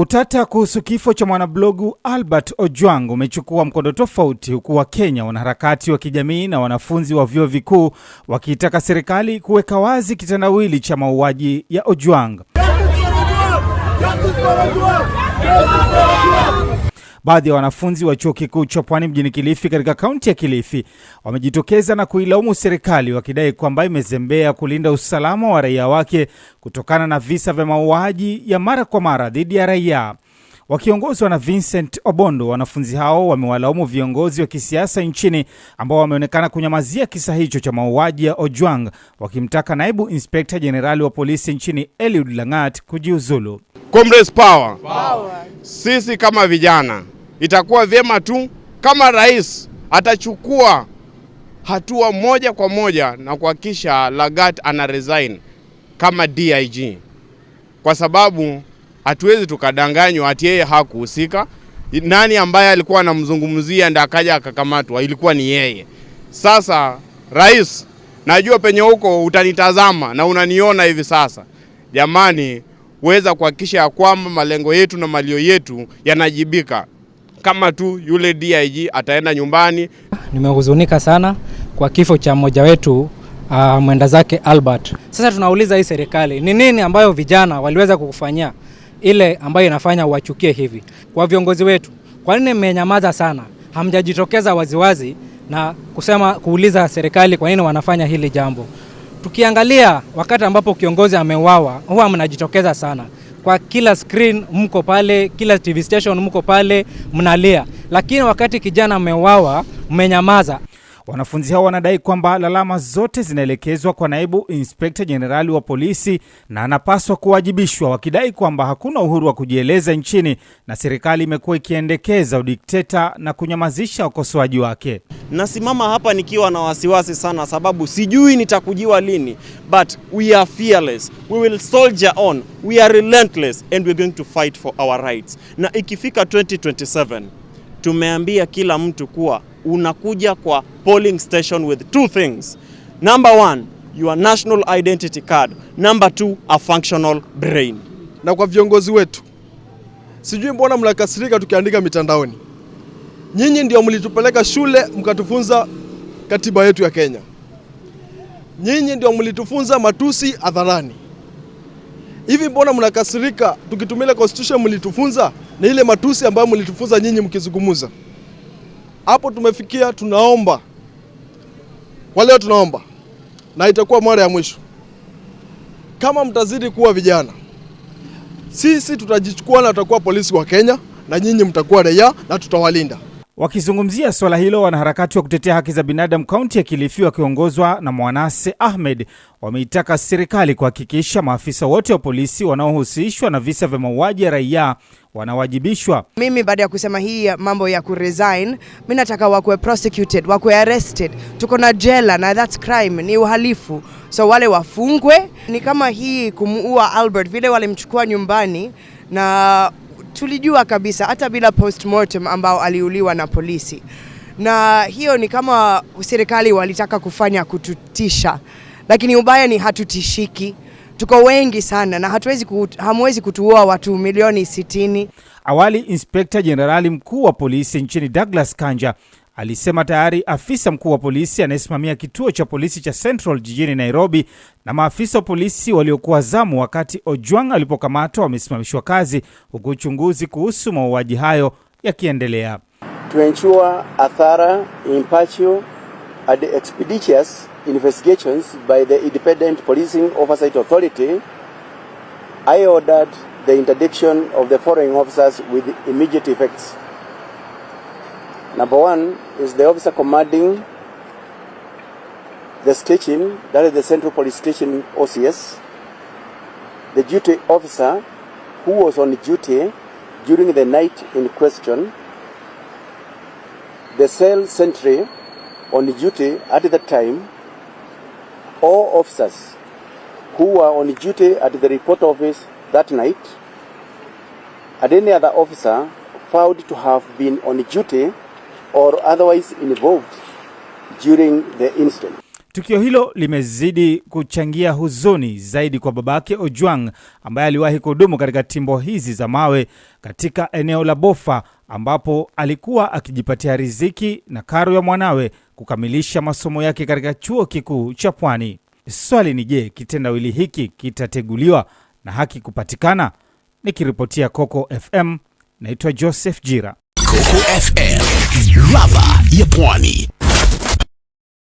Utata kuhusu kifo cha mwanablogu Albert Ojwang umechukua mkondo tofauti, huku Wakenya, wanaharakati wa kijamii na wanafunzi wa vyuo vikuu wakiitaka serikali kuweka wazi kitendawili cha mauaji ya Ojwang baadhi ya wanafunzi wa chuo kikuu cha Pwani mjini Kilifi katika kaunti ya Kilifi wamejitokeza na kuilaumu serikali wakidai kwamba imezembea kulinda usalama wa raia wake kutokana na visa vya mauaji ya mara kwa mara dhidi ya raia. Wakiongozwa na Vincent Obondo, wanafunzi hao wamewalaumu viongozi wa kisiasa nchini ambao wameonekana kunyamazia kisa hicho cha mauaji ya Ojwang, wakimtaka naibu inspekta jenerali wa polisi nchini Eliud Langat kujiuzulu. Comrades power. Power. Sisi kama vijana itakuwa vyema tu kama rais atachukua hatua moja kwa moja na kuhakikisha Lagat ana resign kama DIG, kwa sababu hatuwezi tukadanganywa ati yeye hakuhusika. Nani ambaye alikuwa anamzungumzia ndio akaja akakamatwa? Ilikuwa ni yeye. Sasa rais, najua penye huko utanitazama na unaniona hivi sasa, jamani kuweza kuhakikisha ya kwamba malengo yetu na malio yetu yanajibika, kama tu yule DIG ataenda nyumbani. Nimehuzunika sana kwa kifo cha mmoja wetu uh, mwenda zake Albert. Sasa tunauliza hii serikali ni nini ambayo vijana waliweza kukufanyia ile ambayo inafanya wachukie hivi? Kwa viongozi wetu, kwa nini mmenyamaza sana? Hamjajitokeza waziwazi na kusema kuuliza serikali kwa nini wanafanya hili jambo. Tukiangalia wakati ambapo kiongozi ameuawa, huwa mnajitokeza sana kwa kila screen, mko pale, kila TV station mko pale mnalia, lakini wakati kijana ameuawa mmenyamaza. Wanafunzi hao wanadai kwamba lalama zote zinaelekezwa kwa naibu inspekta jenerali wa polisi na anapaswa kuwajibishwa, wakidai kwamba hakuna uhuru wa kujieleza nchini na serikali imekuwa ikiendekeza udikteta na kunyamazisha wakosoaji wake. Nasimama hapa nikiwa na wasiwasi sana, sababu sijui nitakujiwa lini, but we are fearless, we will soldier on, we are relentless and we are going to fight for our rights. Na ikifika 2027 tumeambia kila mtu kuwa unakuja kwa polling station with two things. Number one, your national identity card. Number two, a functional brain. Na kwa viongozi wetu, sijui mbona mnakasirika tukiandika mitandaoni. Nyinyi ndio mlitupeleka shule mkatufunza katiba yetu ya Kenya. Nyinyi ndio mlitufunza matusi hadharani. Hivi mbona mnakasirika tukitumia constitution mlitufunza na ile matusi ambayo mlitufunza nyinyi mkizungumuza? hapo tumefikia. Tunaomba kwa leo, tunaomba na itakuwa mara ya mwisho, kama mtazidi kuwa vijana, sisi tutajichukua na tutakuwa polisi wa Kenya na nyinyi mtakuwa raia na tutawalinda. Wakizungumzia suala hilo, wanaharakati wa kutetea haki za binadamu kaunti ya Kilifi wakiongozwa na Mwanase Ahmed wameitaka serikali kuhakikisha maafisa wote wa polisi wanaohusishwa na visa vya mauaji ya raia wanawajibishwa. Mimi baada ya kusema hii mambo ya kuresign, mimi nataka wakuwe prosecuted, wakuwe arrested. Tuko na jela na that's crime, ni uhalifu, so wale wafungwe. Ni kama hii kumuua Albert vile walimchukua nyumbani na tulijua kabisa hata bila postmortem ambao aliuliwa na polisi, na hiyo ni kama serikali walitaka kufanya kututisha, lakini ubaya ni hatutishiki tuko wengi sana na hatuwezi kutu, hamwezi kutuua watu milioni sitini. Awali Inspekta Jenerali mkuu wa polisi nchini Douglas Kanja alisema tayari afisa mkuu wa polisi anayesimamia kituo cha polisi cha Central jijini Nairobi na maafisa wa polisi waliokuwa zamu wakati Ojwang alipokamatwa wamesimamishwa kazi, huku uchunguzi kuhusu mauaji hayo yakiendelea. To ensure athara impartial and expeditious investigations by the Independent Policing Oversight Authority, I ordered the interdiction of the following officers with immediate effects. Number one is the officer commanding the station, that is the Central Police Station OCS, the duty officer who was on duty during the night in question, the cell sentry on duty at that time all officers who were on duty at the report office that night and any other officer found to have been on duty or otherwise involved during the incident. Tukio hilo limezidi kuchangia huzuni zaidi kwa babake Ojwang ambaye aliwahi kuhudumu katika timbo hizi za mawe katika eneo la Bofa ambapo alikuwa akijipatia riziki na karo ya mwanawe kukamilisha masomo yake katika chuo kikuu cha Pwani. Swali ni je, kitendawili hiki kitateguliwa na haki kupatikana? Nikiripotia Coco FM, naitwa Joseph Jira, Coco FM, ladha ya Pwani.